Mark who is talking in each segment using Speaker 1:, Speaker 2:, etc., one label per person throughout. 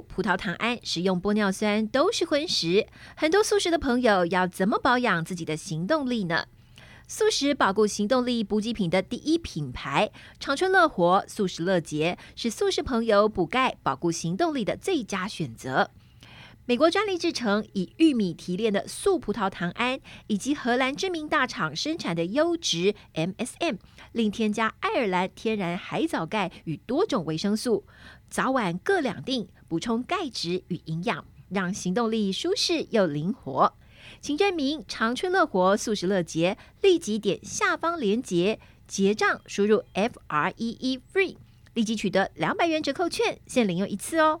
Speaker 1: 葡萄糖胺、食用玻尿酸都是葷食，很多素食的朋友要怎麼保養自己的行動力呢？素食保固行動力補給品的第一品牌——常春樂活素食樂捷，是素食朋友補鈣保固行動力的最佳選擇。美國專利製成，以玉米提煉的素葡萄糖胺，以及荷蘭知名大廠生產的優質 MSM，另添加愛爾蘭天然海藻鈣與多種維生素。早晚各兩錠，補充鈣質與營養，讓行動力舒適又靈活。請認明常春樂活素食樂捷，立即點下方連結結賬，輸入 F R E E 立即取得兩百元折扣券，限領用一次哦。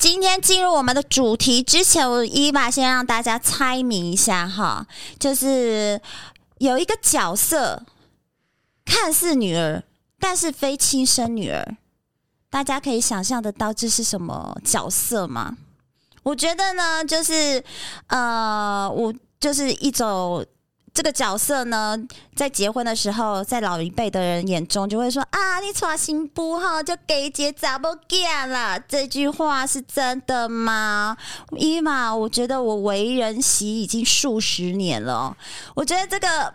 Speaker 2: 今天進入我們的主題之前，我 Eva 先讓大家猜謎一下哈，就是有一個角色，看似女兒，但是非親生女兒，大家可以想象得到這是什麼角色嗎？我覺得呢，就是呃，我就是一種。這個角色呢，在結婚的時候，在老一輩的人眼中，就會說：“啊，你娶新婦喔，就給一個查某囝啦。”這句話是真的嗎？因為嘛，我覺得我為人媳已經數十年了，我覺得這個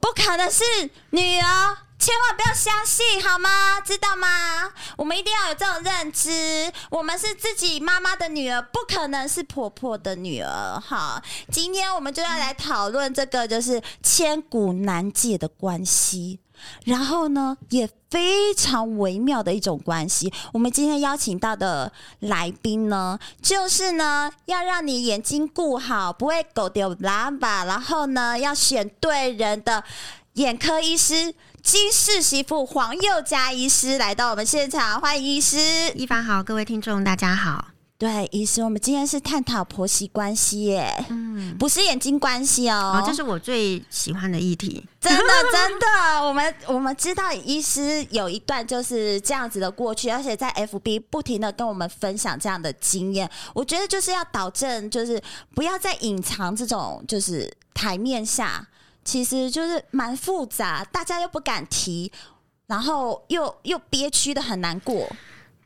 Speaker 2: 不可能是女兒。千萬不要相信，好嗎？知道嗎？我們一定要有這種認知。我們是自己媽媽的女兒，不可能是婆婆的女兒。哈，今天我們就要來討論這個，就是千古難解的關係。然後呢，也非常微妙的一種關係。我們今天邀請到的來賓呢，就是呢，要讓你眼睛顧好，不會狗丟喇叭。然後呢，要選對人的眼科醫師。金氏媳婦黃宥嘉醫師來到我們現場，歡迎醫師一凡好，各位聽眾大家好。對，醫師，我們今天是探討婆媳關係耶，嗯，不是眼睛關係喔，哦，這是
Speaker 3: 我最喜歡的議題。
Speaker 2: 真的，真的，我們我們知道醫師有一段就是這樣子的過去，而且在 FB 不停的跟我們分享這樣的經驗。我覺得就是要保證，就是不要再隱藏這種，就是台面下。其實就是蠻複雜，大家又不敢提，然後又又憋屈的很難過。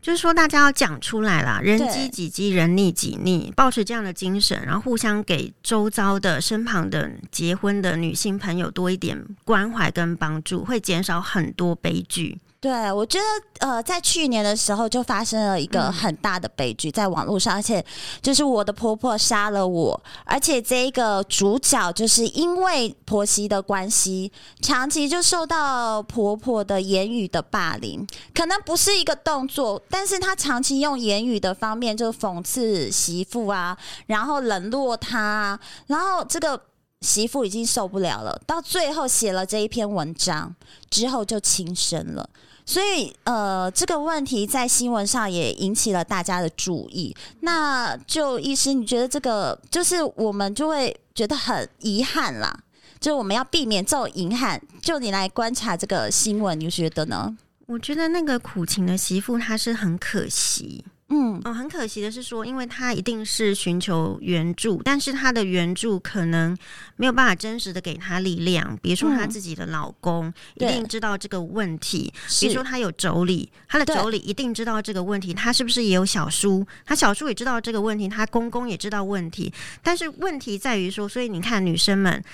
Speaker 2: 就是說，大家要講出來啦，人飢
Speaker 3: 己飢，人溺己溺，保對持這樣的精神，然後互相給周遭的、身旁的結婚的女性朋友多一點關懷跟幫助，會減少很多悲劇。
Speaker 2: 對，我覺得呃，在去年的時候就發生了一個很大的悲劇，在網絡上，嗯、而且就是我的婆婆殺了我，而且這一個主角就是因為婆媳的關係，長期就受到婆婆的言語的霸凌，可能不是一個動作，但是他長期用言語的方面就諷刺媳婦啊，然後冷落她啊，然後這個媳婦已經受不了了，到最後寫了這一篇文章之後就輕生了。所以，呃，這個問題在新聞上也引起了大家的注意。那就，醫師，你覺得這個就是我們就會覺得很遺憾啦，就我們要避免這種遺憾。就你來觀察這個新聞，你覺得呢？我覺得那個苦情的媳婦，她是很可惜。
Speaker 3: 嗯、哦、很可惜的是說，因為他一定是尋求援助，但是他的援助可能沒有辦法真實的給他力量。比如說，他自己的老公一定知道這個問題，比如說，他有妯娌，是他的妯娌一定知道這個問題。他是不是也有小叔？對他小叔也知道這個問題，他公公也知道問題。但是問題在於說，所以你看，女生們。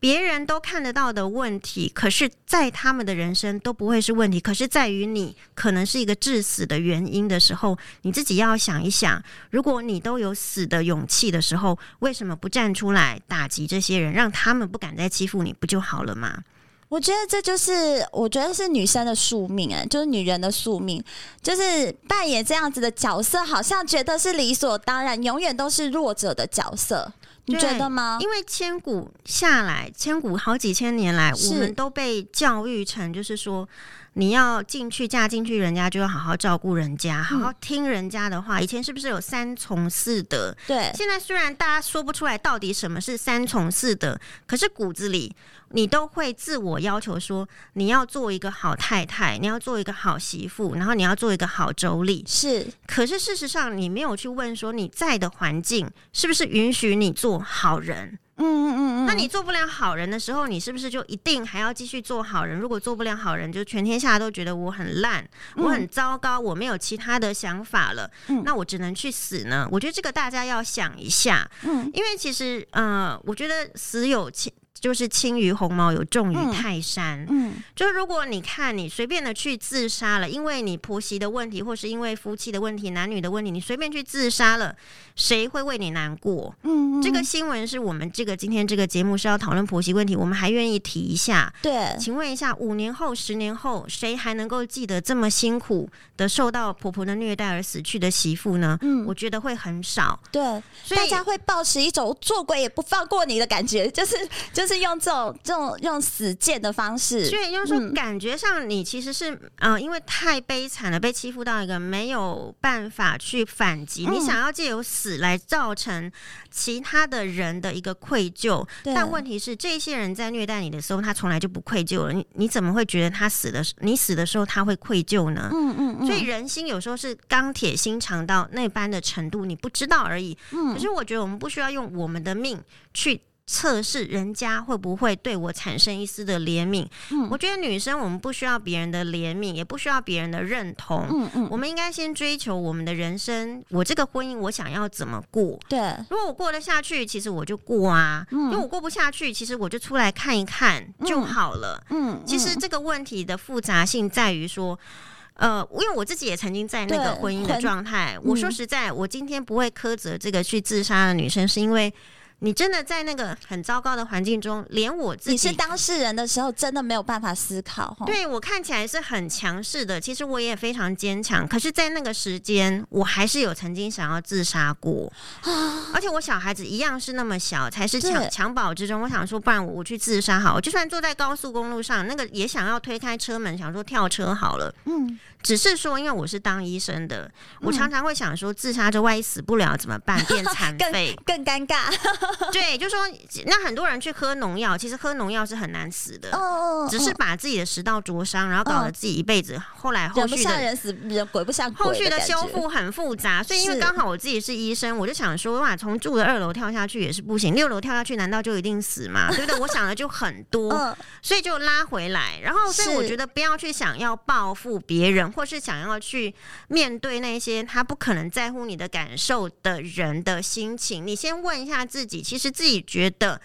Speaker 3: 別人都看得到的問題，可是，在他們的人生都不會是問題。可是在，在於你可能是一個致死的原因的時候，你自己要想一想：如果你都有死的勇氣的時候，為什麼不站出來打擊這些人，讓他們不敢再欺負你，不就好了嗎？
Speaker 2: 我覺得這就是，我覺得是女生的宿命欸，哎，就是女人的宿命，就是扮演這樣子的角色，好像覺得是理所當然，永遠都是弱者的角色。你覺得嗎？對，
Speaker 3: 因為千古下來，千古好幾千年來，是我們都被教育成，就是說。你要進去嫁進去，人家就要好好照顧人家，嗯、好好聽人家的話。以前是不是有三從四德？對。現在雖然大家說不出來到底什麼是三從四德，可是骨子裡你都會自我要求說，你要做一個好太太，你要做一個好媳婦，然後你要做一個好妯娌。是。可是事實上，你沒有去問說你在的環境是不是允許你做好人。嗯嗯嗯，嗯嗯，那你做不了好人的時候，你是不是就一定還要繼續做好人？如果做不了好人，就全天下都覺得我很爛，嗯、我很糟糕，我沒有其他的想法了，嗯、那我只能去死呢？我覺得這個大家要想一下，嗯，因為其實，嗯、呃，我覺得死有錢就是輕於鴻毛，有重於泰山。嗯，嗯，就是如果你看你隨便的去自殺了，因為你婆媳的問題，或是因為夫妻的問題、男女的問題，你隨便去自殺了，誰會為你難過？嗯，這個新聞是我們這個今天這個節目是要討論婆媳問題，我們還願意提一下。對，請問一下，五年後、十年後，誰還能夠記得這麼辛苦的受到婆婆的虐待而死去的媳婦呢？嗯，我覺得會很少。
Speaker 2: 對，所以大家會抱持一種做鬼也不放過你的感覺，就是就是。用這種這種用死戒的方式，
Speaker 3: 所以就是說，感覺上你其實是嗯、呃，因為太悲慘了，被欺負到一個沒有辦法去反擊。嗯、你想要借由死來造成其他的人的一個愧疚，了但問題是，這些人在虐待你的時候，他從來就不愧疚了。你你怎麼會覺得他死的時，你死的時候他會愧疚呢？嗯嗯。嗯嗯所以人心有時候是鋼鐵心腸到那般的程度，你不知道而已。嗯、可是我覺得我們不需要用我們的命去。測試人家會不會對我產生一絲的憐憫？我覺得女生，我們不需要別人的憐憫，也不需要別人的認同。我們應該先追求我們的人生。我這個婚姻，我想要怎麼過？對，如果我過得下去，其實我就過啊。如果我過不下去，其實我就出來看一看就好了。嗯，其實這個問題的複雜性在於說，呃，因為我自己也曾經在那個婚姻的狀態。我說實在，我今天不會苛責這個去自殺的女生，是因為。
Speaker 2: 你真的在那個很糟糕的環境中，連我自己你是當事人的時候，真的沒有辦法思考。對
Speaker 3: 我看起來是很強勢的，其實我也非常堅強。可是，在那個時間，我還是有曾經想要自殺過。啊！而且我小孩子一樣是那麼小，才是襁襁褓之中。我想說，不然我我去自殺好。我就算坐在高速公路上，那個也想要推開車門，想說跳車好了。嗯。只是說，因為我是當醫生的，嗯、我常常會想說，自殺就萬一死不了怎麼辦？變殘廢更更尷尬。 對，就說那很多人去喝農藥，其實喝農藥是很難死的，oh, oh, oh, oh. 只是把自己的食道灼傷，然後搞得自己一輩子。Oh,
Speaker 2: 後來後續的人，人不像人，鬼不像鬼，後續的修復
Speaker 3: 很複雜，所以因為剛好我自己是醫生，是我就想說，哇，從住的二樓跳下去也是不行，六樓跳下去難道就一定死嗎？ 對不對？我想的就很多，oh. 所以就拉回來。然後是所以我覺得不要去想要報復別人。或是想要去面對那些他不可能在乎你的感受的人的心情，你先問一下自己，其實自己覺得，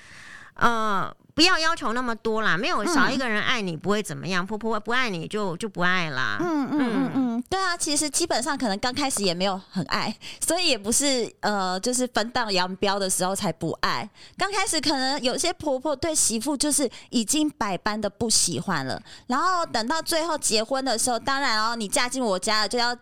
Speaker 3: 呃。不要要求那麼多啦，沒有少一個人愛你不會怎麼樣，嗯、婆婆不愛你就就不愛啦。嗯嗯嗯嗯，
Speaker 2: 嗯嗯對啊，其實基本上可能剛開始也沒有很愛，所以也不是呃就是分道揚鑣的時候才不愛，剛開始可能有些婆婆對媳婦就是已經百般的不喜歡了，然後等到最後結婚的時候，當然哦、喔，你嫁進我家了就要。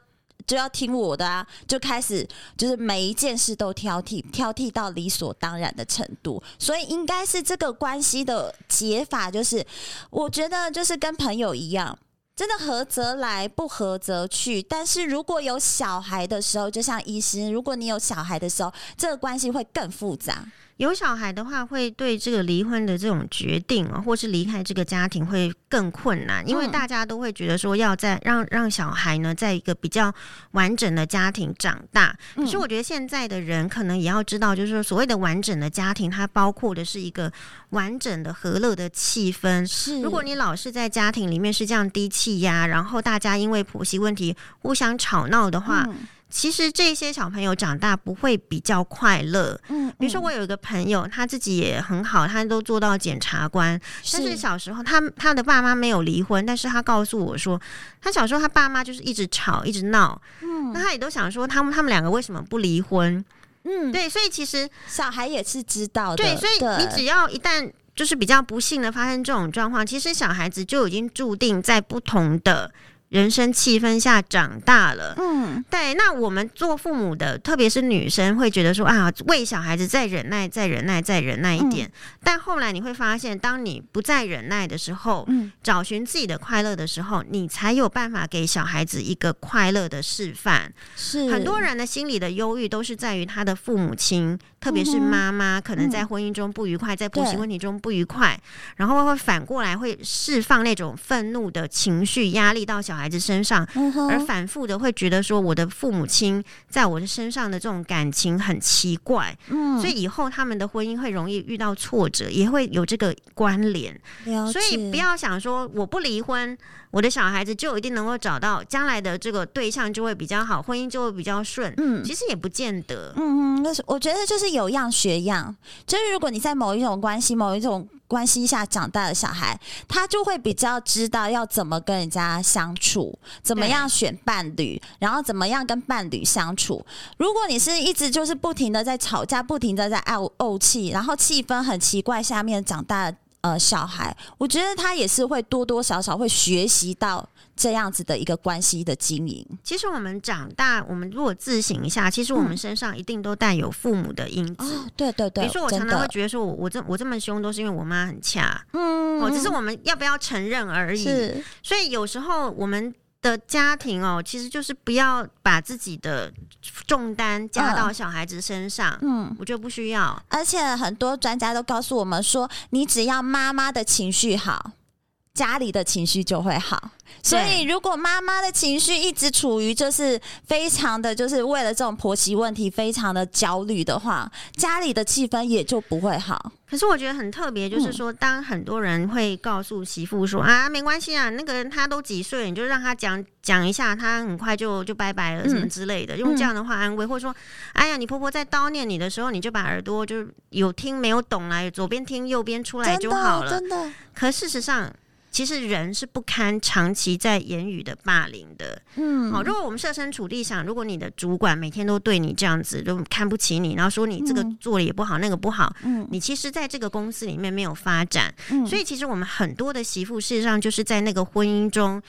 Speaker 2: 就要聽我的啊，就開始就是每一件事都挑剔，挑剔到理所當然的程度。所以應該是這個關係的解法，就是我覺得就是跟朋友一樣，真的合則來，不合則去。但是如果有小孩的時候，就像醫師，如果你有小孩的時候，這個關係會更複雜。
Speaker 3: 有小孩的話，會對這個離婚的這種決定啊，或是離開這個家庭會更困難，因為大家都會覺得說，要在讓讓小孩呢，在一個比較完整的家庭長大。可是我覺得現在的人可能也要知道，就是說所謂的完整的家庭，它包括的是一個完整的和樂的氣氛。是，如果你老是在家庭裡面是這樣低氣壓，然後大家因為婆媳問題互相吵鬧的話。嗯其實這些小朋友長大不會比較快樂。嗯。嗯，比如說我有一個朋友，他自己也很好，他都做到檢察官。是。但是小時候，他他的爸媽沒有離婚，但是他告訴我說，他小時候他爸媽就是一直吵，一直鬧。嗯，那他也都想說他，他們他們兩個為什麼不離婚？嗯，對，所以其實小孩也是知道的。對，所以你只要一旦就是比較不幸的發生這種狀況，對，其實小孩子就已經注定在不同的。人生氣氛下長大了，嗯，對。那我們做父母的，特別是女生，會覺得說啊，為小孩子再忍耐，再忍耐，再忍耐一點。嗯，但後來你會發現，當你不再忍耐的時候，嗯，找尋自己的快樂的時候，你才有辦法給小孩子一個快樂的示範。是，很多人的心理的憂鬱都是在於他的父母親。特別是媽媽、嗯、哼可能在婚姻中不愉快，嗯、在婆媳問題中不愉快，對然後會反過來會釋放那種憤怒的情緒壓力到小孩子身上，嗯、哼而反覆的會覺得說我的父母親在我的身上的這種感情很奇怪，嗯，所以以後他們的婚姻會容易遇到挫折，也會有這個關聯，解所以不要想說我不離婚。我的小孩子就一定能夠找到將來的這個對象，就會比較好，婚姻就會比較順。嗯，其實也不見得。嗯
Speaker 2: 嗯，那是我覺得就是有樣學樣。就是如果你在某一種關係、某一種關係下長大的小孩，他就會比較知道要怎麼跟人家相處，怎麼樣選伴侶，然後怎麼樣跟伴侶相處。如果你是一直就是不停的在吵架，不停的在愛慪氣，然後氣氛很奇怪下面長大的。呃，小孩，我覺得他也是會多多少少會學習到這樣子的一個關係的經營。其
Speaker 3: 實我們長大，我們如果自省
Speaker 2: 一下，其實我們
Speaker 3: 身上一定都
Speaker 2: 帶有父母的影子。
Speaker 3: 嗯哦。對對對，比如說我常常會覺得，說我的我這我這麼兇，都是因為我媽很恰。嗯、哦，只是我們要不要承認而已。是，所以有時候我們。的家庭哦，其實就是不要把自己的
Speaker 2: 重擔加到小孩子身上。嗯，我覺得不需要。而且很多專家都告訴我們說，你只要媽媽的情緒好。家裡的情緒就會好，所以如果媽媽的情緒一直處於就是非常的，就是為了這種婆媳問題非常的焦慮的話，家裡的氣氛也就不會好。
Speaker 3: 可是我覺得很特別，就是說，當很多人會告訴媳婦說、嗯、啊，沒關係啊，那個人他都幾歲，你就讓他講講一下，他很快就就拜拜了什麼之類的，嗯、用這樣的話安慰，或者說，哎呀，你婆婆在叨念你的時候，你就把耳朵就有聽沒有懂來，左邊聽右邊出來就好了，真的。真的可事實上。其實人是不堪長期在言語的霸凌的，嗯，好，如果我們設身處地想，如果你的主管每天都對你這樣子，就看不起你，然後說你這個做了也不好，嗯、那個不好，嗯，你其實在這個公司裡面沒有發展，嗯、所以其實我們很多的媳婦，事實上就是在那個婚姻中，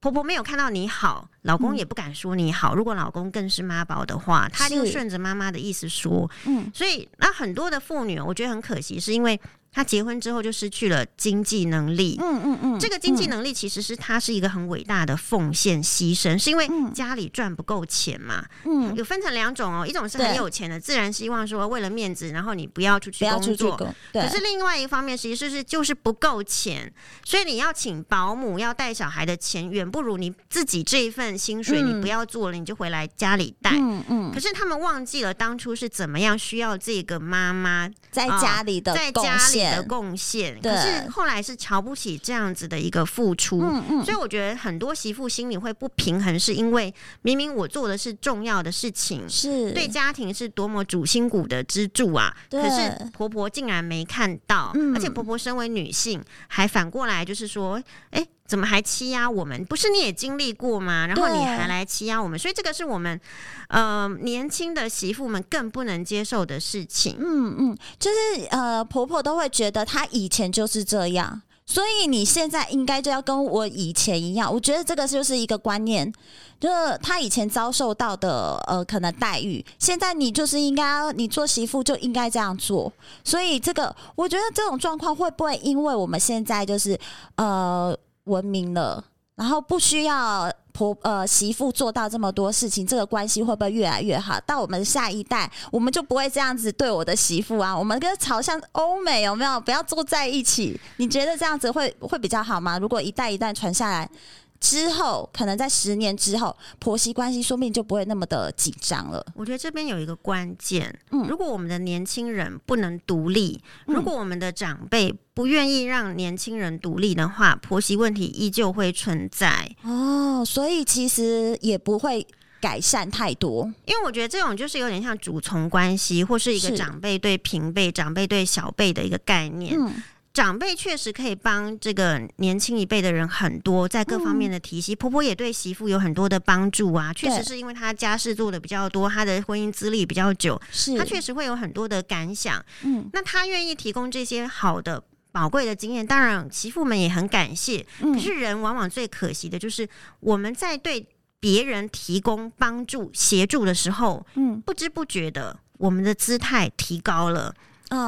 Speaker 3: 婆婆沒有看到你好。老公也不敢說你好，如果老公更是媽寶的話，他就順着媽媽的意思說。嗯，所以那、啊、很多的婦女，我覺得很可惜，是因為她結婚之後就失去了經濟能力。嗯嗯嗯，嗯嗯，這個經濟能力其實是她是一個很偉大的奉獻犧牲，是因為家裡賺不夠錢嘛。嗯，有分成兩種哦、喔，一種是很有錢的，對自然希望說為了面子，然後你不要出去工作。不要出去對。可是另外一方面其實、就是，實際是就是不夠錢，所以你要請保姆要帶小孩的錢，遠不如你自己這一份。薪水，你不要做了，你就回來家裡帶、嗯。嗯嗯。可是他們忘記了當初是怎麼樣需要這個媽媽在家裡的、哦、在家裡的貢獻。對可是後來是瞧不起這樣子的一個付出。嗯嗯。所以我覺得很多媳婦心裡會不平衡，是因為明明我做的是重要的事情，是對家庭是多麼主心骨的支柱啊。對可是婆婆竟然沒看到，嗯、而且婆婆身為女性，還反過來就是說，哎、欸。怎麼還欺壓我們？不是你也經歷過嗎？然後你還來欺壓我們，對所以這個是我們，呃，年輕的媳婦們更不能接受的事情。
Speaker 2: 嗯嗯，就是呃，婆婆都會覺得她以前就是這樣，所以你現在應該就要跟我以前一樣。我覺得這個是就是一個觀念，就是她以前遭受到的呃可能待遇，現在你就是應該你做媳婦就應該這樣做。所以這個，我覺得這種狀況會不會因為我們現在就是呃。文明了，然後不需要婆，呃，媳婦做到這麼多事情，這個關係會不會越來越好？到我們下一代，我們就不會這樣子對我的媳婦啊，我們跟朝向歐美有沒有？不要坐在一起，你覺得這樣子會會比較好嗎？如果一代一代傳下來。之後，可能在十年之後，婆媳關係說不定就不會那麼的緊張了。
Speaker 3: 我覺得這邊有一個關鍵，嗯，如果我們的年輕人不能獨立，嗯，
Speaker 2: 如果我們的長
Speaker 3: 輩不願意讓年輕人獨立的話，婆媳問
Speaker 2: 題依舊會存在。哦，所以其實也不會改善太多，
Speaker 3: 因為我覺得這種就是有點像主從關係，
Speaker 2: 或是一個長輩對平輩、
Speaker 3: 是長輩對小輩的一個概念。嗯長輩確實可以幫這個年輕一輩的人很多，在各方面的提攜。嗯、婆婆也對媳婦有很多的幫助啊，對確實是因為她家事做的比較多，她的婚姻資歷比較久，是她確實會有很多的感想。嗯、那她願意提供這些好的寶貴的經驗，當然媳婦們也很感謝。嗯、可是人往往最可惜的就是，我們在對別人提供幫助、協助的時候，嗯、不知不覺的，我們的姿態提高了。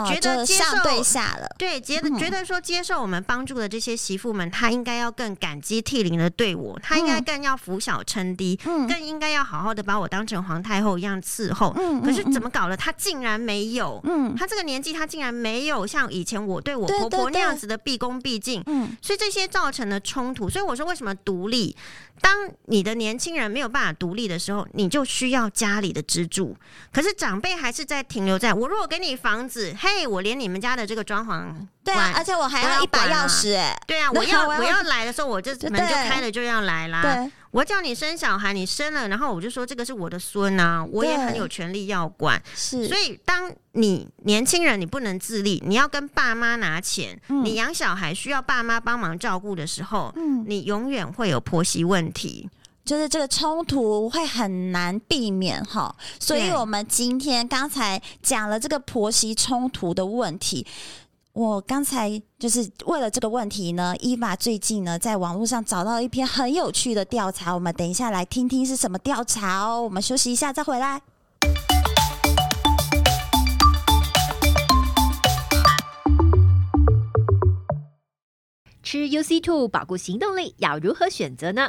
Speaker 3: 覺得接受一下了。對，覺得覺得說，接受我們幫助的這些媳婦們，她、嗯、應該要更感激涕零的對我，她應該更要俯小稱低，嗯、更應該要好好的把我當成皇太后一樣伺候。嗯嗯嗯、可是怎麼搞的，她竟然沒有，嗯，她這個年紀，她竟然沒有像以前我對我婆婆那樣子的畢恭畢敬，嗯，所以這些造成了衝突。所以我說，為什麼獨立？當你的年輕人沒有辦法獨立的時候，你就需要家裡的支柱。可是長輩還是在停留在我如果給你房子，嘿，hey，我連你們家的這個裝潢，對啊，而且我還要一把鑰匙，哎，對啊，我要我要來的時候，我這門就開了，就要來啦。對，我叫你生小孩，你生了，然後我就說這個是我的孫啊，我也很有權利要管。是，所以當你年輕人你不能自立，你要跟爸媽拿錢，你養小孩需要爸媽幫忙照顧的時候，
Speaker 2: 你永遠會有婆媳問題。就是這個衝突會很難避免哈、哦，所以我們今天剛才講了這個婆媳衝突的問題。我剛才就是為了這個問題呢，Eva 最近呢在網絡上找到一篇很有趣的調查，我們等一下來聽聽是什麼調查哦。我們休
Speaker 1: 息一下再回來。吃 UCII 保固行動力要如何選擇呢？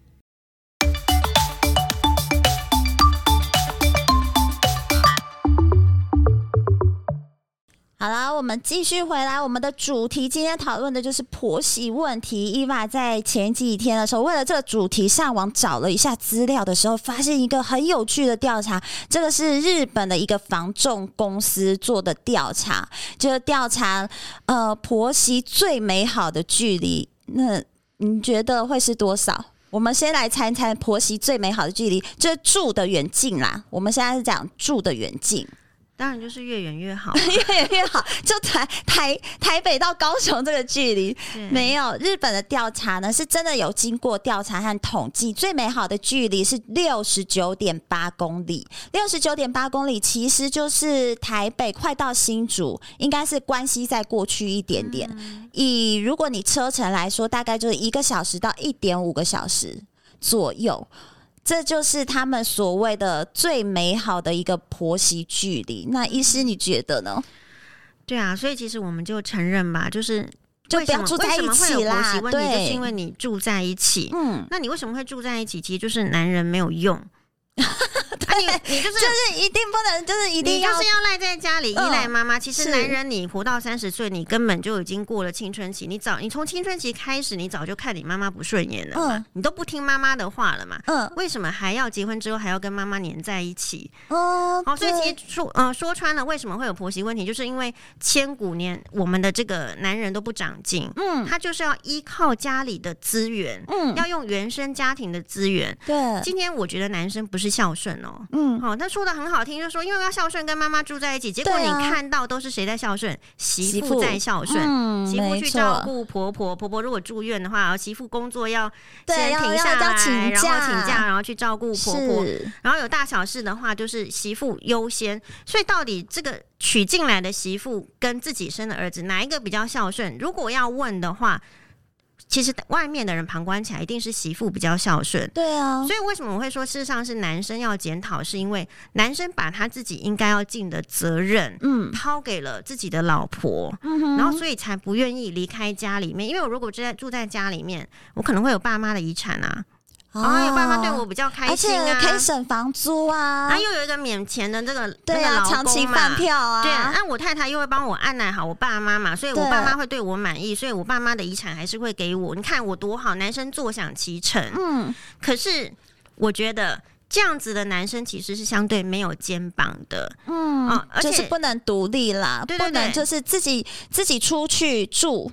Speaker 2: 好了，我們繼續回來。我們的主題今天討論的就是婆媳問題。伊娃在前幾天的時候，為了這個主題上網找了一下資料的時候，發現一個很有趣的調查。這個是日本的一個房仲公司做的調查，就是調查呃婆媳最美好的距離。那你覺得會是多少？我們先來猜一猜婆媳最美好的距離，就是住的遠近啦。我們現在是講住的遠近。當然就是越遠越好、啊， 越遠越好。就台台台北到高雄這個距離。對沒有日本的調查呢，是真的有經過調查和統計，最美好的距離是六十九點八公里。六十九點八公里其實就是台北快到新竹，應該是關西再過去一點點。嗯、以如果你車程來說，大概就是一個小時到一點五個小時左右。這就是他們所謂的最美好的一個婆媳距離。那醫師你覺得呢？
Speaker 3: 對啊，所以其實我們就承認吧，就是就不要住在一起啦。對，就是因為你住在一起，嗯對，那你為什麼會住在一起？其實就是男人沒有用。
Speaker 2: 啊、你你就是就是一定不能就是一定要就是要賴在
Speaker 3: 家裡依賴媽媽。哦、其實男人，你活到三十歲，你根本就已經過了青春期。你早，你從青春期開始，你早就看你媽媽不順眼了嘛、嗯、你都不聽媽媽的話了嘛。嗯、為什麼還要結婚之後還要跟媽媽黏在一起？哦，所以其實說嗯、呃、說穿了，為什麼會有婆媳問題，就是因為千古年我們的這個男人都不長進。嗯，他就是要依靠家裡的資源，嗯，要用原生家庭的資源。對，今天我覺得男生不是孝順哦、喔。嗯，好、哦，他說的很好聽，就說因為要孝順，跟媽媽住在一起。結果你看到都是誰在孝順？啊、媳婦在孝順，媳婦，嗯、媳婦去照顧婆婆。嗯、婆，婆，婆婆如果住院的話，嗯、然後媳婦工作要先停下來，哦、要要請然後請假，然後去照顧婆婆。是然後有大小事的話，就是媳婦優先。所以到底這個娶進來的媳婦跟自己生的兒子哪一個比較孝順？如果要問的話。其實外面的人旁觀起來，一定是媳婦比較孝順。對啊，所以為什麼我會說事實上是男生要檢討？是因為男生把他自己應該要盡的責任，嗯，拋給了自己的老婆，嗯哼，然後所以才不願意離開家裡面。因為我如果住在住在家裡面，我可能會有爸媽的遺產啊。然有、哦哦哎、爸媽對我比較開心啊，而且可以省房租啊，啊，又有一個免錢的這個對啊個長期飯票啊，對，那、啊、我太太又會幫我安排好我爸媽嘛，所以我爸媽會對我滿意，對所以我爸媽的遺產還是會給我。你看我多好，男生坐享其成。嗯，可是我覺得這樣子的男生其實是相對沒有肩膀的，
Speaker 2: 嗯啊，而且就是不能獨立啦，對,對對對，不能就是自己自己出去住。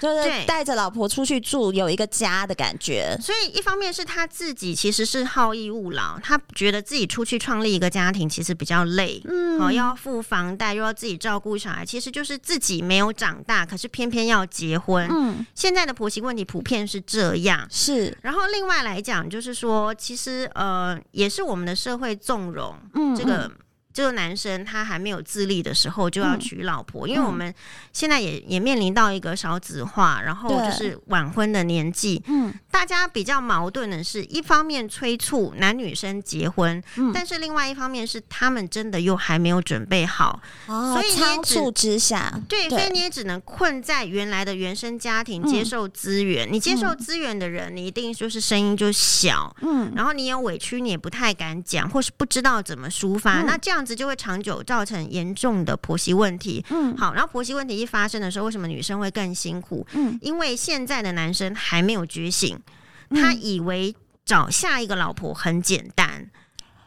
Speaker 2: 就是帶着老婆出去住，有一個家的感覺。
Speaker 3: 所以一方面是他自己
Speaker 2: 其實是好
Speaker 3: 逸惡勞，他覺得自己出去創立一個家
Speaker 2: 庭其實比較累，
Speaker 3: 嗯，哦，又要付房貸又要自己照顧小孩，其實就是自己沒有長大，可是偏偏要結婚。嗯，現在的婆媳問題普遍是這樣，是。然後另外來講，就是說，其實呃，也是我們的社會縱容，嗯，嗯，這個。這個男生他還沒有自立的時候就要娶老婆，嗯、因為我們現在也也面臨到一個少子化，然後就是晚婚的年紀。嗯，大家比較矛盾的是，一方面催促男女生結婚，嗯、但是另外一方面是他們真的又還沒有準備好。哦，所以催促之下，對，所以你也只能困在原來的原生家庭接受資源。嗯、你接受資源的人，嗯、你一定就是聲音就小，嗯，然後你有委屈你也不太敢講，或是不知道怎麼抒發。嗯、那這樣。這就會長久造成嚴重的婆媳問題。嗯，好，然後婆媳問題一發生的時候，為什麼女生會更辛苦？嗯，因為現在的男生還沒有覺醒，嗯，他以為找下一個老婆很簡單。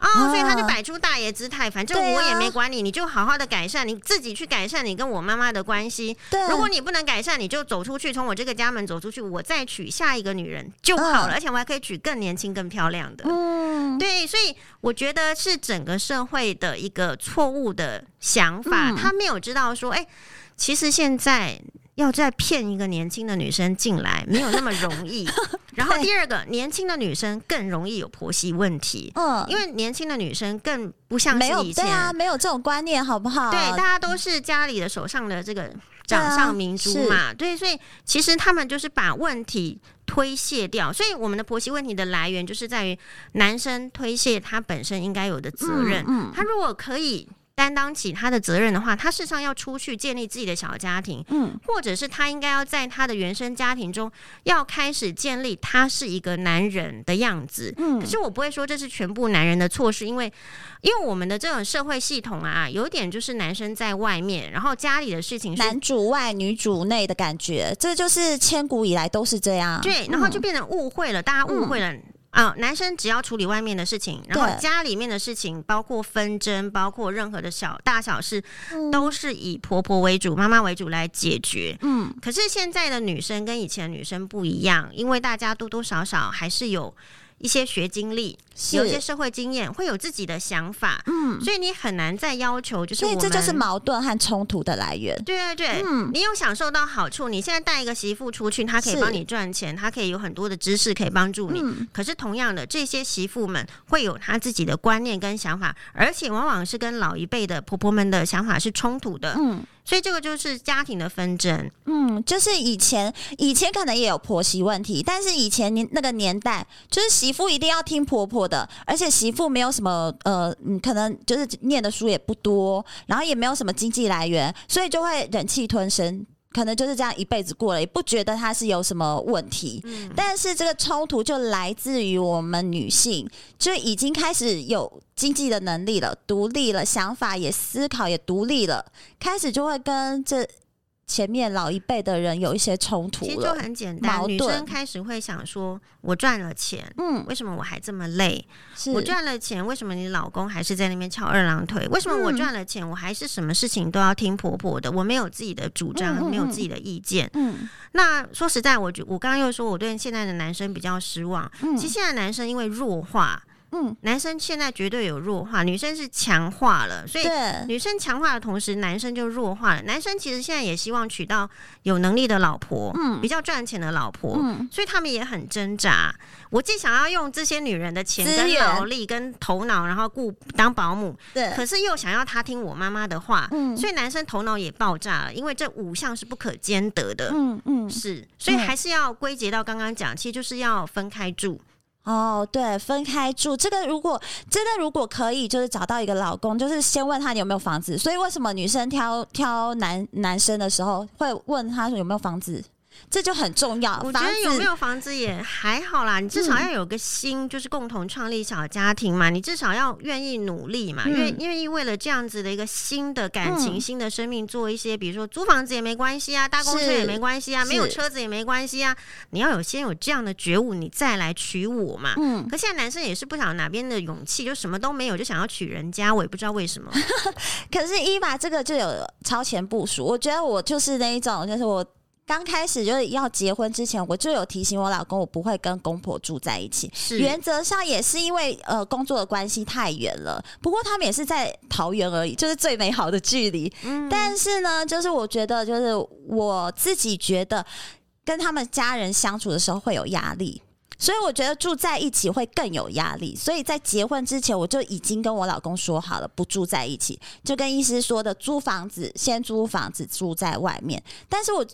Speaker 3: 哦，oh, uh, 所以他就擺出大爺姿態，反正我也沒管你，你就好好的改善你自己，去改善你跟我媽媽的關係。對，如果你不能改善，你就走出去，從我這個家門走出去，我再娶下一個女人就好了。Uh, 而且我還可以娶更年輕、更漂亮的。嗯、對，所以我覺得是整個社會的一個錯誤的想法，嗯、他沒有知道說，哎、欸，其實現在。要再騙一個年輕的女生進來沒有那麼容易， 對然後第二個年輕的女生更容易有婆媳問題，嗯、因為年輕的女生更不像是以前沒有、對啊、
Speaker 2: 沒有這種觀念好不好？
Speaker 3: 對，大家都是家裡的手上的這個掌上明珠嘛，啊、對，所以其實他們就是把問題推卸掉，所以我們的婆媳問題的來源就是在於男生推卸他本身應該有的責任，嗯嗯、他如果可以。擔當起他的責任的話，他事實上要出去建立自己的小家庭，嗯，或者是他應該要在他的原生家庭中要開始建立他是一個男人的樣子，嗯。可是我不會說這是全部男人的錯事，因為因為我們的這種社會系統啊，有點就是男
Speaker 2: 生在外面，
Speaker 3: 然後家裡的事情是男
Speaker 2: 主外女主內的感覺，這就是千古以來都是這樣，對，然後就變
Speaker 3: 成誤會了，嗯、大家誤會了。嗯啊、哦，男生只要處理外面的事情，然後家裡面的事情，對包括紛爭，包括任何的小大小事，嗯、都是以婆婆為主、媽媽為主來解決。嗯，可是現在的女生跟以前的女生不一樣，因為大家多多少少還是有。一些學經歷，是有一些社會經驗，會有自己的想法，嗯，所以你很難再要求，就是我，因為這就是矛
Speaker 2: 盾和衝突的來源，對對對，嗯，你
Speaker 3: 有享受到好處，你現在帶一個媳婦出去，她可以幫你賺錢，她是可以有很多的知識可以幫助你，嗯，可是同樣的，這些媳婦們會有她自己的觀念跟想法，而且往往是跟老一輩的婆婆們的想法是衝突的，嗯。所以這個就是家庭的紛爭，
Speaker 2: 嗯，就是以前以前可能也有婆媳問題，但是以前年那個年代，就是媳婦一定要聽婆婆的，而且媳婦沒有什麼呃，可能就是唸的書也不多，然後也沒有什麼經濟來源，所以就會忍氣吞聲。可能就是這樣一輩子過了，也不覺得他是有什麼問題。嗯。但是這個衝突就來自於我們女性，就已經開始有經濟的能力了，獨立了，想法也思考也獨立了，開始就會跟這。前面老一輩的人有一些衝突，其實就很簡單，盾女生
Speaker 3: 開始會想說：“
Speaker 2: 我賺了錢，嗯，
Speaker 3: 為什麼我還這麼累？是我賺了錢，為什麼你老公還是在那邊翹二郎腿？為什麼我賺了錢，嗯、我還是什麼事情都要聽婆婆的？我沒有自己的主張，嗯、哼哼沒有自己的意見。”嗯，那說實在，我就我剛剛又說我對現在的男生比較失望。嗯、其實現在的男生因為弱化。嗯，男生現在絕對有弱化，女生是強化了，所以女生強化的同時，對男生就弱化了。男生其實現在也希望娶到有能力的老婆，嗯，比較賺錢的老婆，嗯，所以他們也很掙扎。我既想要用這些女人的錢、跟勞力、跟頭腦，然後僱當保姆，對，可是又想要她聽我媽媽的話，嗯，所以男生頭腦也爆炸了，因為這五項是不可兼得的，嗯嗯，
Speaker 2: 嗯是，所以還
Speaker 3: 是要歸結到剛剛講，其實就是要分開住。
Speaker 2: 哦，對，分開住這個，如果真的如果可以，就是找到一個老公，就是先問他你有沒有房子。所以為什麼女生挑挑男男生的時候會問他說有沒有房子？這就很重要。我覺得有沒有
Speaker 3: 房子也還好啦，你至少要有個心，嗯、就是共同創立小家庭嘛。你至少要願意努力嘛，願願、嗯、意為了這樣子的一個新的感情、嗯、新的生命做一些，比如說租房子也沒關係啊，搭公車也沒關係啊，是沒有車子也沒關係啊。是你要有先有這樣的覺悟，你再來娶我嘛。嗯。可現在男生也是不曉得哪邊的勇氣，就什麼都沒有就想要娶人家，我也不知道為什麼。
Speaker 2: 可是，Eva 這個就有超前部署。我覺得我就是那一種，就是我。剛開始就是要結婚之前，我就有提醒我老公，我不會跟公婆住在一起。是原則上也是因為呃工作的關係太遠了。不過他們也是在桃園而已，就是最美好的距離。嗯，但是呢，就是我覺得，就是我自己覺得跟他們家人相處的時候會有壓力，所以我覺得住在一起會更有壓力。所以在結婚之前，我就已經跟我老公說好了，不住在一起，就跟醫師說的，租房子，先租房子，住在外面。但是我。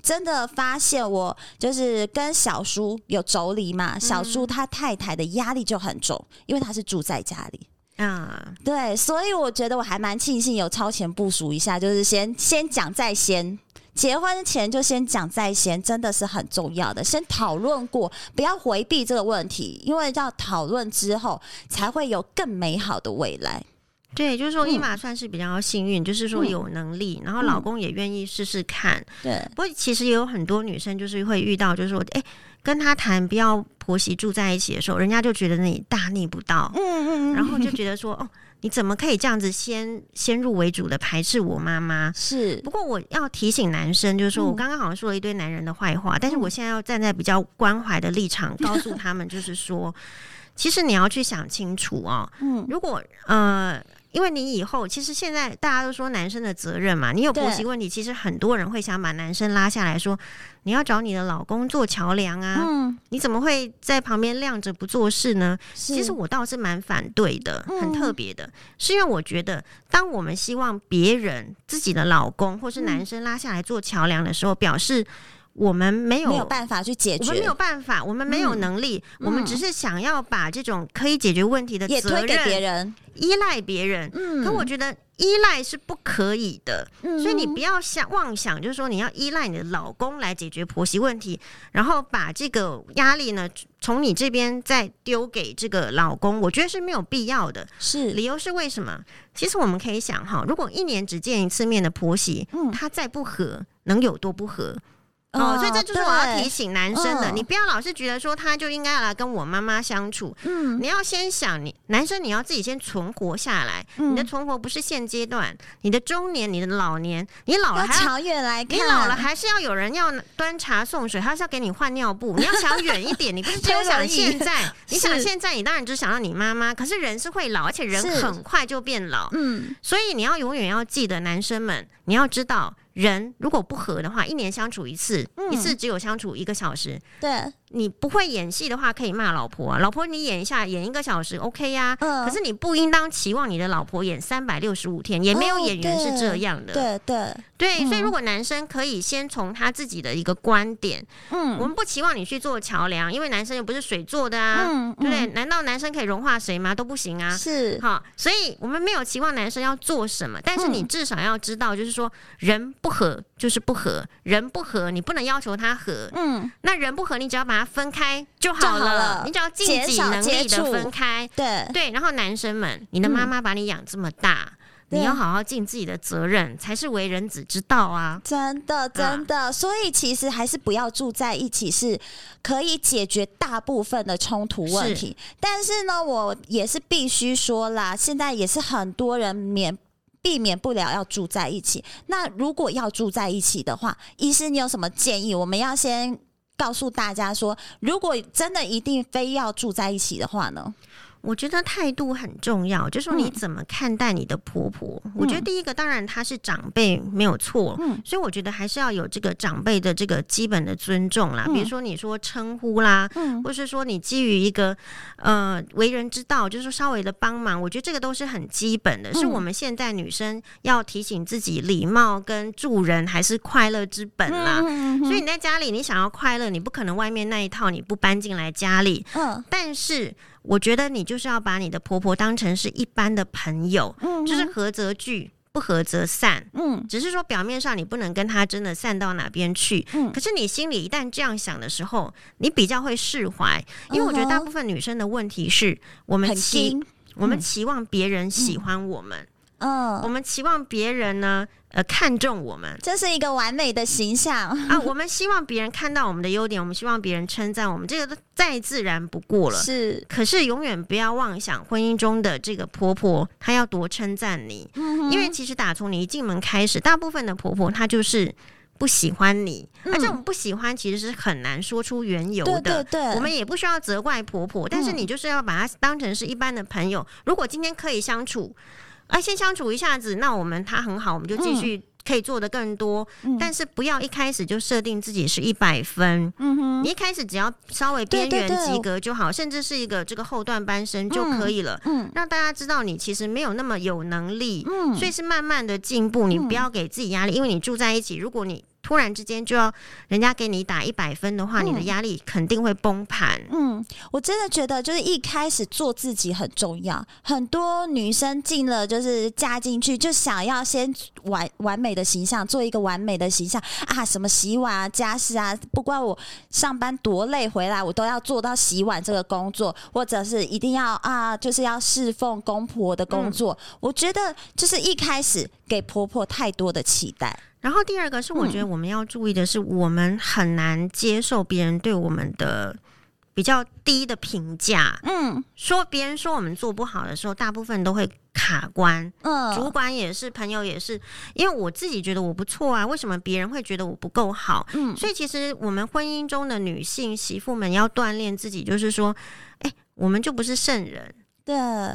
Speaker 2: 真的發現我就是跟小叔有妯娌嘛，嗯、小叔他太太的壓力就很重，因為他是住在家裡啊。對，所以我覺得我還蠻慶幸有超前部署一下，就是先先講在先，結婚前就先講在先，真的是很重要的。先討論過，不要回避這個問題，因為要討論之後才會有更美好的未來。
Speaker 3: 對，就是說一馬算是比較幸運，就是說有能力，然後老公也願意試試看。對，不過其實也有很多女生就是會遇到，就是說，哎，跟她談不要婆媳住在一起的時候，人家就覺得你大逆不道，嗯嗯嗯，然後就覺得說，哦，你怎麼可以這樣子先先入為主的排斥我媽媽？是，不過我要提醒男生，就是說我剛剛好像說了一堆男人的壞話，但是我現在要站在比較關懷的立場，告訴他們，就是說，其實你要去想清楚哦。嗯，如果呃。因為你以後其實現在大家都說男生的責任嘛，你有婆媳問題，對其實很多人會想把男生拉下來說，你要找你的老公做橋梁啊，嗯、你怎麼會在旁邊晾着不做事呢？是其實我倒是蠻反對的，嗯、很特別的，是因為我覺得當我們希望別人自己的老公或是男生拉下來做橋梁的時候，嗯、表示。我們沒有，沒有辦法去解決，我們沒有辦法，我們沒有能力，嗯、我們只是想要把這種可以解決問題的責任推給別人，依賴別人。嗯、可我覺得依賴是不可以的，嗯、所以你不要想妄想，就是說你要依賴你的老公來解決婆媳問題，嗯、然後把這個壓力呢從你這邊再丟給這個老公，我覺得是沒有必要的。是，理由是為什麼？其實我們可以想哈，如果一年只見一次面的婆媳，嗯，他再不和，能有多不和？
Speaker 1: 哦，哦，所以這就是我要提醒男生的，哦、你
Speaker 3: 不要老是覺得說，他就應該要來跟我媽媽相處。嗯，你要先想你，你男生你要自己先存活下來。嗯、你的存活不是現階段，你的中年，你的老年，你老了還要，你老了還是要有人要端茶送水，還是要給你換尿布。 你要想遠一點，你不是只有想現在， 易你想現在，你當然只想到你媽媽。是，可是人是會老，而且人很快就變老。嗯，所以你要永遠要記得，男生們，你要知道。人如果不合的話，一年相處一次，嗯、一次只有相處一個小時，對。你不會演戲的話，可以罵老婆啊。老婆，你演一下，演一個小時，OK 呀、啊。呃、可是你不應當期望你的老婆演三百六十五天，也沒有演員是這樣的。對對、哦、對，所以如果男生可以先從他自己的一個觀點，嗯，我們不期望你去做橋樑，因為男生又不是水做的啊，對不、嗯嗯、對？難道男生可以融化誰嗎？都不行啊。是哈，所以我們沒有期望男生要做什麼，但是你至少要知道，嗯、就是說人不可。就是不和，人不和，你不能要求他和，嗯,那人不和，你只要把他分開就好了，好了，你只要盡自己能力的分開，對對。然後男生們，你的媽媽把你養這麼大，嗯、你要好好盡自己的責任，嗯、才是為人子之道啊！真
Speaker 2: 的真的，真的啊、所以其實還是不要住在一起，是可以解決大部分的衝突問題。是但是呢，我也是必須說啦，現在也是很多人免。避免不了要住在一起。那如果要住在一起的話，醫師你有什麼建議？我們要先告訴大家說，如果真的一定非要住在一起的話呢？我覺得態度很重要，就是說你怎麼看待你的婆婆。嗯、我覺
Speaker 3: 得第一個當然她是長輩沒有錯，嗯、所以我覺得還是要有這個長輩的這個基本的尊重啦。嗯、比如說你說稱呼啦，嗯、或是說你基於一個呃為人之道，就是說稍微的幫忙，我覺得這個都是很基本的。嗯、是我們現在女生要提醒自己，禮貌跟助人還是快樂之本啦。嗯嗯嗯嗯嗯，所以你在家裡你想要快樂，你不可能外面那一套你不搬進來家裡。呃、但是。我覺得你就是要把你的婆婆當成是一般的朋友，嗯、哼就是合則聚，不合則散，嗯、只是說表面上你不能跟她真的散到哪邊去，嗯、可是你心裡一旦這樣想的時候，你比較會釋懷，嗯、哼因為我覺得大部分女生的問題是清我們期我們期望別人喜歡我們。嗯嗯嗯，我們期望別人呢，呃，看中我們，這是一個完美的形象 啊。我們希望別人看到我們的優點，我們希望別人稱讚我們，這個再自然不過了。是，可是永遠不要妄想婚姻中的這個婆婆她要多稱讚你，嗯、哼因為其實打從你一進門開始，大部分的婆婆她就是不喜歡你。嗯、而這種不喜歡其實是很難說出緣由的。對對對，我們也不需要責怪婆婆，但是你就是要把她當成是一般的朋友。嗯、如果今天可以相處。哎，先相處一下子，那我們他很好，我們就繼續可以做得更多。嗯、但是不要一開始就設定自己是一百分，嗯哼，你一開始只要稍微邊緣及格就好，對對對，甚至是一個這個後段班生就可以了。嗯，嗯，讓大家知道你其實沒有那麼有能力，嗯，所以是慢慢的進步，你不要給自己壓力，嗯、因為你住在一起，如果你。突然之間就要人家給你打一百分的話，嗯、你的壓力肯定會崩盤。
Speaker 2: 嗯，我真的覺得就是一開始做自己很重要。很多女生進了就是嫁進去，就想要先完完美的形象，做一個完美的形象啊，什麼洗碗啊、家事啊，不管我上班多累，回來我都要做到洗碗這個工作，或者是一定要啊，就是要侍奉公婆的工作。嗯、我覺得就是一開始給婆婆太多的期待。
Speaker 3: 然後第二個是，我覺得我們要注意的是，我們很難接受別人對我們的比較低的評價。嗯，
Speaker 2: 說別人
Speaker 3: 說我們做不好的時候，大部分都會卡關。嗯，主管也是，朋友也是，因為我自己覺得我不錯啊，為什麼別人會覺得我不夠好？嗯，所以其實我們婚姻中的女性媳婦們要鍛鍊自己，就是說，哎，我們就不是聖人。
Speaker 2: 好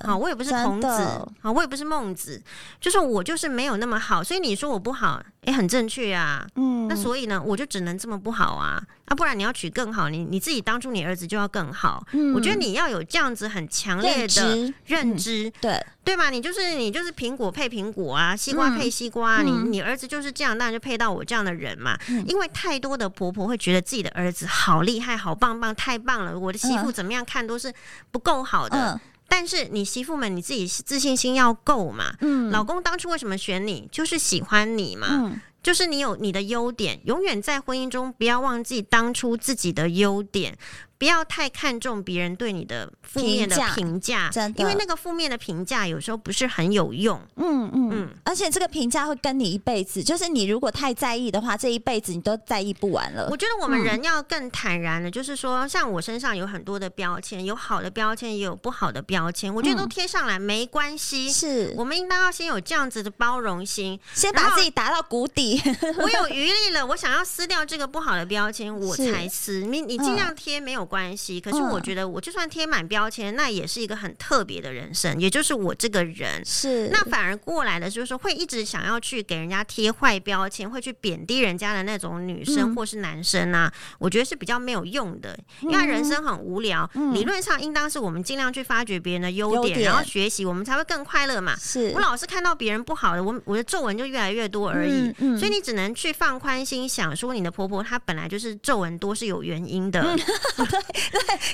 Speaker 2: Yeah,、哦，我也不是孔子，
Speaker 3: 好的、哦，我也不是孟子，就是我就是沒有那麼好，所以你說我不好也、欸、很正確啊。嗯，那所以呢，我就只能這麼不好啊，那、啊、不然你要娶更好，你你自己當初你兒子就要更好。嗯、我覺得你要有這樣子很強烈的認知，認知嗯、對對吧？你就是你就是蘋果配蘋果啊，西瓜配西瓜，嗯、你你兒子就是這樣，當然就配到我這樣的人嘛。嗯、因為太多的婆婆會覺得自己的兒子好厲害、好棒棒、太棒了，我的媳婦怎麼樣看都是不夠好的。嗯嗯但是你媳婦們，你自己自信心要夠嘛？嗯，老公當初為什麼選你？就是喜歡你嘛。嗯，就是你有你的優點，永遠在婚姻中不要忘記當初自己的優點。不要太看重別人對你的負面的評價，真的。因為那個負面的評價有時候不是很有用。
Speaker 2: 嗯嗯嗯，嗯嗯，而且這個評價會跟你一輩子，就是你如果太在意的話，這一輩子你都在意不完了。我覺得我們人
Speaker 3: 要更坦然的，就是說，嗯、像我身上有很多的標籤，有好的標籤，也有不好的標籤，我覺得都貼上來沒關係，嗯。是我們應當要先有這樣子的包容心，先把自己
Speaker 2: 打到谷底，我有餘力
Speaker 3: 了，我想要撕掉這個不好的標籤，我才撕。
Speaker 2: 你你儘量
Speaker 3: 貼沒有。關係，可是我覺得我就算貼滿標籤，oh. 那也是一個很特別的人生，也就是我這個人是那反而過來的，就是會一直想要去給人家貼壞標籤，會去貶低人家的那種女生或是男生吶、啊。嗯、我覺得是比較沒有用的，因為人生很無聊。嗯、理論上應當是我們盡量去發掘別人的優點，點然後學習，我們才會更快樂嘛。是。我老是看到別人不好的，我我的皺紋就越來越多而已。嗯嗯，所以你只能去放寬心，想說你的婆婆她本來就是皺紋多是有原因的。嗯 對，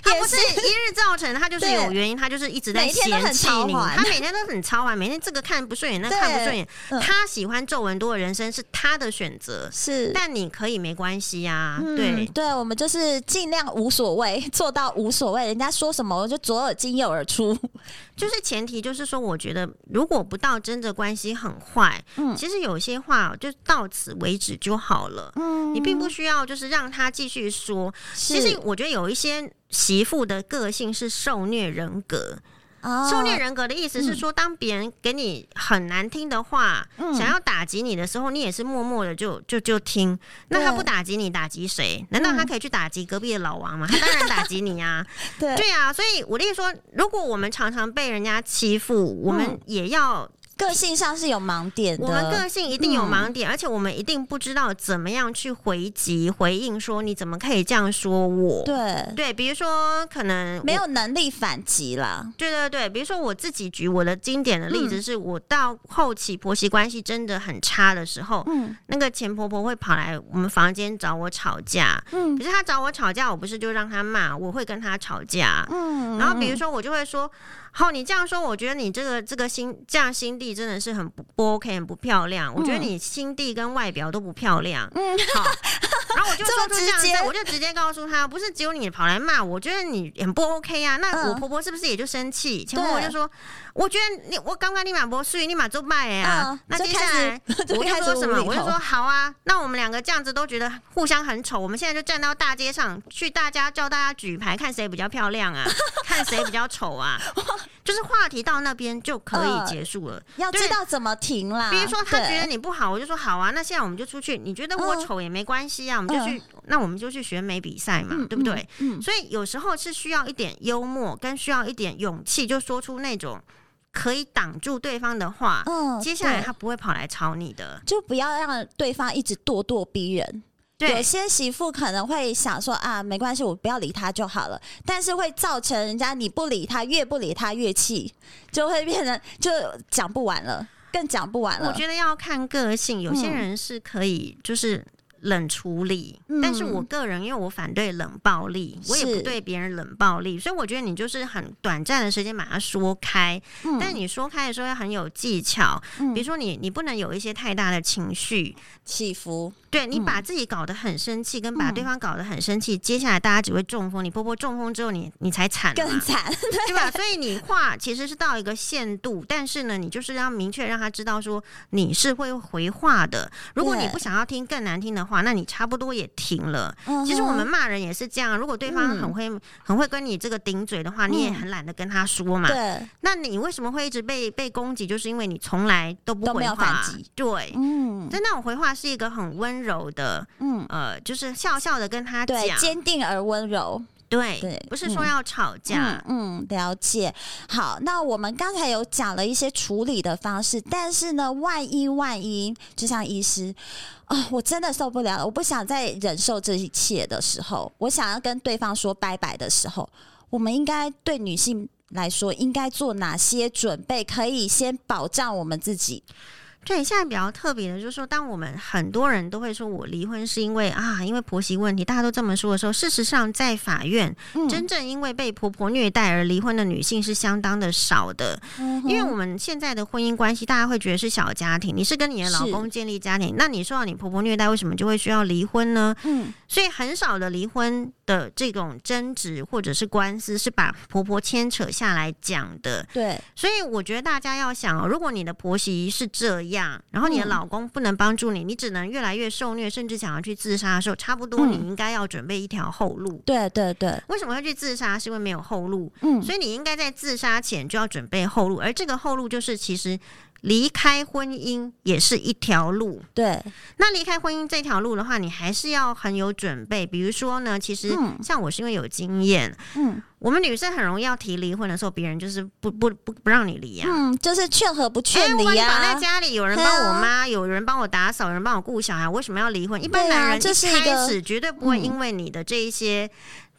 Speaker 3: 他不是一日造成，他就是有原因，他就是一直在嫌棄你，他每天都很超啊，每天這個看不順眼，那看不順眼。他喜歡皺紋多的人生是他的選擇，是，但你可以沒關係呀。對，
Speaker 2: 對我們就是盡量無所謂，做到無所謂，人家說什麼我就左耳進右耳出，
Speaker 3: 就是前提就是說，我覺得如果不到真的關係很
Speaker 2: 壞，嗯，
Speaker 3: 其實有些話就到此為止就好了，嗯，你並不需要就是讓他繼續說，其實我覺得有。一些媳婦的個性是受虐人格，受虐人格的意思是說，當別人給你很難聽的話，想要打擊你的時候，你也是默默的就就就聽。那他不打擊你，打擊誰？難道他可以去打擊隔壁的老王嗎？他當然打擊你呀，對，對啊。所以我跟你說，如果我們常常被人家欺負，我們也要。個性上是有盲點的，我們個性一定有盲點，嗯、而且我們一定不知道怎麼樣去回擊、回應。說你怎麼可以這樣說我？對對，比如說可能沒有能力反擊了。對對對，比如說我自己舉我的經典的例子是，是、嗯、我到後期婆媳關係真的很差的時候，嗯，那個前婆婆會跑來我們房間找我吵架，嗯，可是她找我吵架，我不是就讓她罵，我會跟她吵架，嗯，然後比如說我就會說。嗯好，你這樣說，我覺得你這個這個心這樣心地真的是很不，不 OK，很不漂亮。嗯、我覺得你心地跟外表都不漂亮。嗯，好，然後我就說這樣，這麼直接，我就直接告訴他，不是只有你跑來罵，我覺得你很不 OK 啊。那我婆婆是不是也就生氣？呃、前面我就說，對我覺得你，我剛剛立馬所睡，立馬、啊呃、就罵了。呀。那接下來我就說什麼？就我就說好啊，那我們兩個這樣子都覺得互相很醜，我們現在就站到大街上去，大家叫大家舉牌，看誰比較漂亮啊。 看誰比較醜啊？就是話題到那邊就可以結束了，要知道怎麼停啦。比如說他覺得你不好，我就說好啊，那現在我們就出去。你覺得我醜也沒關係啊，我們就去，那我們就去選美比賽嘛，對不對？所以有時候是需要一點幽默，跟需要一點勇氣，就說出那種可以擋住對方的話。接下來他不會跑來吵你的，
Speaker 2: 就不要讓對方一直咄咄逼人。對有些媳婦可能會想說啊，沒關係，我不要理他就好了。但是會造成人家，你不理他，越不理他越氣，就會變成就講不完了，更講不完了。我覺得要看個性，有些人
Speaker 3: 是可以就是冷處理，嗯、但是我
Speaker 2: 個人因為我反
Speaker 3: 對冷暴力，嗯、我也不對別人冷暴力，是所以我覺得你就是很短暫的時間把它說開。嗯、但你說開的時候要很有技巧，嗯、比如說你你不能有一些太大的情緒起伏。對，你把自己搞得很生氣，跟把對方搞得很生氣，接下來大家只會中風。你婆婆中風之後，你你才慘更慘，對吧？所以你話其實是到一個限度，但是呢，你就是要明確讓他知道說你是會回話的。如果你不想要聽更難聽的話，那你差不多也停了。其實我們罵人也是這樣，如果對方很會很會跟你這個頂嘴的話，你也很懶得跟他說嘛。對，那你為什麼會一直被被攻擊？就是因為你從來都不會有反擊。對，嗯，但那種回話是一個很溫。柔，柔的，嗯，呃，就是笑笑的跟他講。對，堅
Speaker 2: 定而溫柔，對對，對，不是說要吵架。嗯嗯，嗯，了解。好，那我們剛才有講了一些處理的方式，但是呢，萬一萬一，就像醫師啊、哦，我真的受不了，我不想再忍受這一切的時候，我想要跟對方說拜拜的時候，我們應該，對女性來說，應該做哪些準備，可以先保障我們自己？對，現在比較特別的，
Speaker 3: 就是說，當我們很多人都會說我離婚是因為啊，因為婆媳問題，大家都這麼說的時候，事實上在法院，嗯、真正因為被婆婆虐待而離婚的女性是相當的少的。嗯、哼因為我們現在的婚姻關係，大家會覺得是小家庭，你是跟你的老公建立家庭，是那你說到你婆婆虐待，為什麼就會需要離婚呢？嗯，所以很少的離婚的這種爭執或者是官司是把婆婆牽扯下來講的。對，所以我覺得大家要想，如果你的婆媳是這樣，然後你的老公不能幫助你，嗯、你只能越來越受虐，甚至想要去自殺的時候，差不多你應該要準備一條
Speaker 2: 後路，嗯。對對對，為什
Speaker 3: 麼要去自殺？是因為沒有後路。嗯，所以你應該在自殺前就要準備後路，而這個後路就是其實。離開婚姻也是一條路，對。那離開婚姻這條路的話，你還是要很有準備。比如說呢，其實像我是因為有經驗、嗯，嗯，我們女生很容易要提離婚的時候，別人就是不不不不讓你離
Speaker 2: 啊，嗯，就是勸和不勸離呀。欸、你在家裡有人幫我媽、啊，
Speaker 3: 有人幫我打掃，有人幫我顧小孩，為什麼要離婚？一般男人就是開始絕對不會因為你的這一些。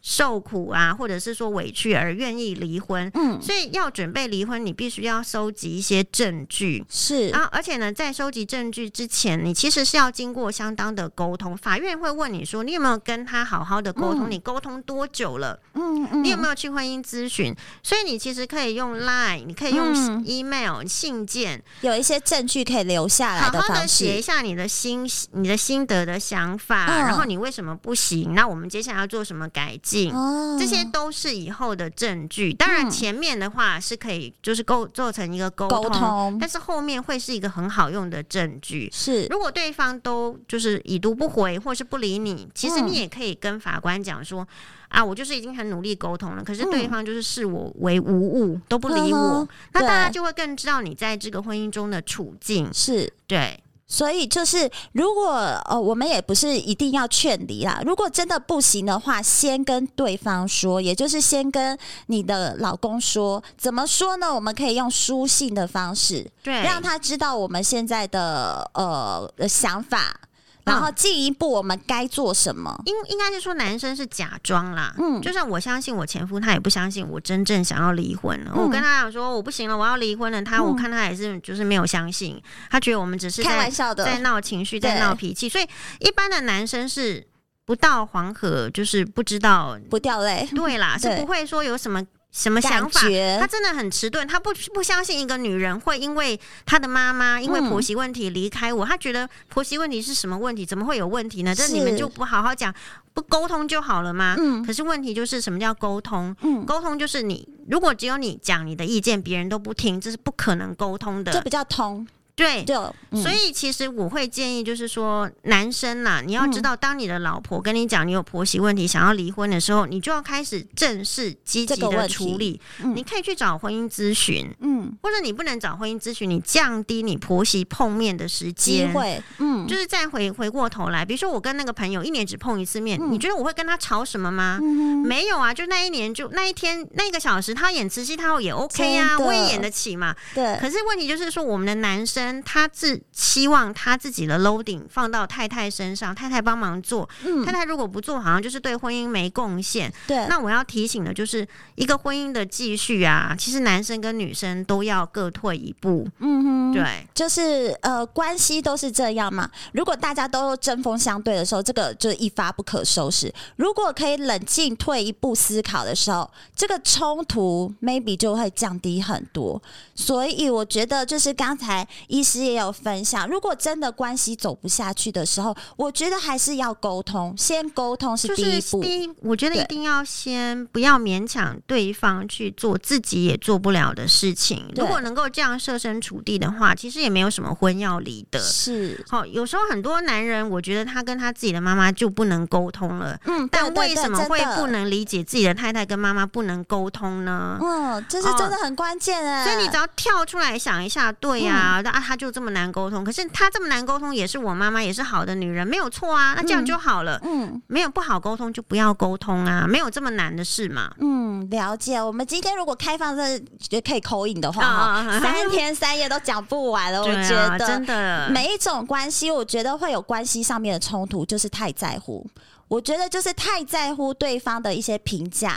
Speaker 3: 受苦啊，或者是說委屈而願意離婚，嗯，所以要準備離婚，你必須要收集一些證據，是啊，而且呢，在收集證據之前，你其實是要經過相當的溝通。法院會問你說，你有沒有跟他好好的溝通？嗯、你溝通多久了？嗯，嗯，你有沒有去婚姻諮詢？所以你其實可以用 Line，你可以用 Email、mail, 嗯、信件，
Speaker 2: 有一些證據可以留下來的方式。好好的寫一
Speaker 3: 下你的心，你的心得的想法，哦、然後你為什麼不行？那我們接下來要做什麼改進？哦，這些都是以後的證據。當然，前面的話是可以就是溝做成一個溝通，溝通，但是後面會是一個很好用的證據。是，如果對方都就是已讀不回，或是不理你，其實你也可以跟法官講說：“嗯、啊，我就是已經很努力溝通了，可是對方就是視我為無物，嗯、都不理我。呵呵”那大家就會更知道你在這個婚姻中的處境。
Speaker 2: 是對。是對所以就是，如果呃，我們也不是一定要勸離啦。如果真的不行的話，先跟對方說，也就是先跟你的老公說，怎麼說呢？我們可以用書信的方式，對，讓他知道我們現在的呃的想法。然後進一步，我們該做什麼？
Speaker 3: 應、嗯、應該是說，男生是假裝啦。嗯，就算我相信我前夫，他也不相信我真正想要離婚了。嗯、我跟他講說，我不行了，我要離婚了。他、嗯、我看他也是，就是沒有相信，他覺得我們只是開玩笑的，在鬧情緒，在鬧脾氣。對所以一般的男生是不到黃河就是不
Speaker 2: 知道不
Speaker 3: 掉淚，對啦，對是不會說有什麼。什麼想法？感覺 他真的很遲鈍，他不不相信一個女人會因為他的媽媽，因為婆媳問題離開我。嗯、他覺得婆媳問題是什麼問題？怎麼會有問題呢？是 這你們就不好好講，不溝通就好了嗎？嗯、可是問題就是什麼叫溝通？嗯、溝通就是你如果只有你講你的意見，別人都不聽，這是不可能溝通的。這比較通。對，所以其實我會建議，就是說男生吶，你要知道，當你的老婆跟你講你有婆媳問題，想要離婚的時候，你就要開始正式積極的處理。你可以去找婚姻諮詢，嗯，或者你不能找婚姻諮詢，你降低你婆媳碰面的時間。嗯，就是再回回過頭來，比如說我跟那個朋友一年只碰一次面，你覺得我會跟他吵什麼嗎？沒有啊，就那一年就那一天那個小時，他演慈禧太後也 OK 啊，我也演得起嘛。對，可是問題就是說我們的男生。他自期望他自己的 loading 放到太太身上，太太幫忙做。嗯、太太如果不做，好像就是對婚姻沒貢獻。對，那我要提醒的就是，一個婚姻的繼續啊，其實男生跟女生都要各退一步。嗯
Speaker 2: 哼，對，就是呃，關係都是這樣嘛。如果大家都針鋒相對的時候，這個就一發不可收拾。如果可以冷靜退一步思考的時候，這個衝突 maybe 就會降低很多。所以我覺得，就是剛才。醫師也有分享，如果真的關係走不下去的時候，我覺得還是要溝通，先溝通是第一步是第一。我覺得一
Speaker 3: 定要先不要勉強對方去做自己也做不了的事情。對如果能夠這樣設身處地的話，其實也沒有什麼婚要離的。是，好、哦，有時候很多男人，我覺得他跟他自己的媽媽就不能溝通了。對對對嗯，但為什麼會不能理解自己的太太跟媽媽不能溝通呢？嗯，
Speaker 2: 這是真的很關鍵
Speaker 3: 哎、哦。所以你只要跳出來想一下，對呀，啊。嗯他就這麼難溝通，可是他這麼難溝通也是我媽媽，也是好的女人，沒有錯啊。那這樣就好了，嗯，嗯，沒有不好溝通就不要溝通啊，沒有這麼難的事嘛。嗯，
Speaker 2: 了解。我們今天如果開放的可以 call in 的話，哦、三天三夜都講不完了。 我覺得，真的每一種關係，我覺得會有關係上面的衝突，就是太在乎，我覺得就是太在乎對方的一些評價。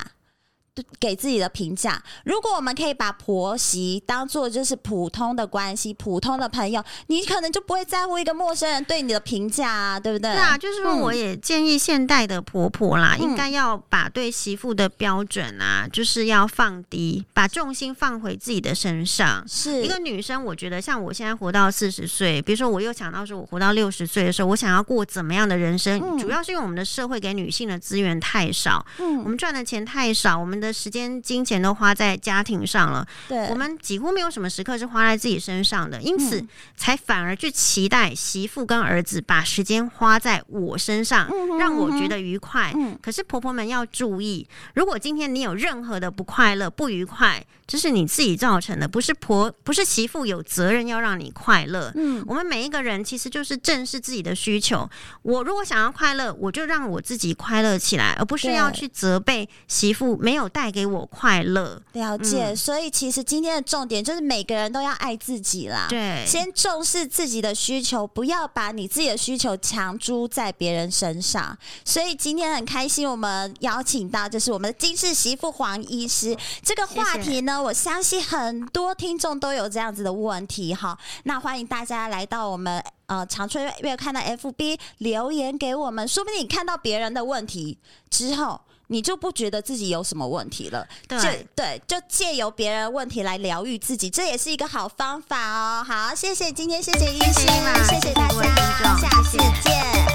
Speaker 2: 給自己的評價。如果我們可以把婆媳當做就是普通的關係、普通的朋友，你可能就不會在乎一個陌生人對你的評價啊，對不對？是啊，就是說我也建議現代的婆婆啦，嗯、應該
Speaker 3: 要把對媳婦的標準啊，嗯、就是要放低，把重心放回自己的身上。是一個女生，我覺得像我現在活到四十歲，比如說我又想到說我活到六十歲的時候，我想要過怎麼樣的人生？嗯、主要是因為我們的社會給女性的資源太少，嗯、我們賺的錢太少，我們。的時間、金錢都花在家庭上了，對，我們幾乎沒有什麼時刻是花在自己身上的，因此才反而去期待媳婦跟兒子把時間花在我身上，讓我覺得愉快。可是婆婆們要注意，如果今天你有任何的不快樂、不愉快，這是你自己造成的，不是婆不是媳婦有責任要讓你快樂。嗯，我們每一個人其實就是正視自己的需求。我如果想要快樂，我就讓我自己快樂起來，而不是要去責備媳婦沒有帶給我快樂。對嗯、
Speaker 2: 了解，所以其實今天的重點就是每個人都要愛自己啦。對，先重視自己的需求，不要把你自己的需求強租在別人身上。所以今天很開心，我們邀請到就是我們的金氏媳婦黃醫師，這個話題呢謝謝。我相信很多聽眾都有這樣子的問題哈，那歡迎大家來到我們呃常春月刊，看到 FB 留言給我們，說不定你看到別人的問題之後，你就不覺得自己有什麼問題了，對就對，就借由別人的問題來療癒自己，這也是一個好方法哦。好，謝謝今天，謝謝醫師，謝謝醫師謝謝大家，謝謝，
Speaker 1: 下次見。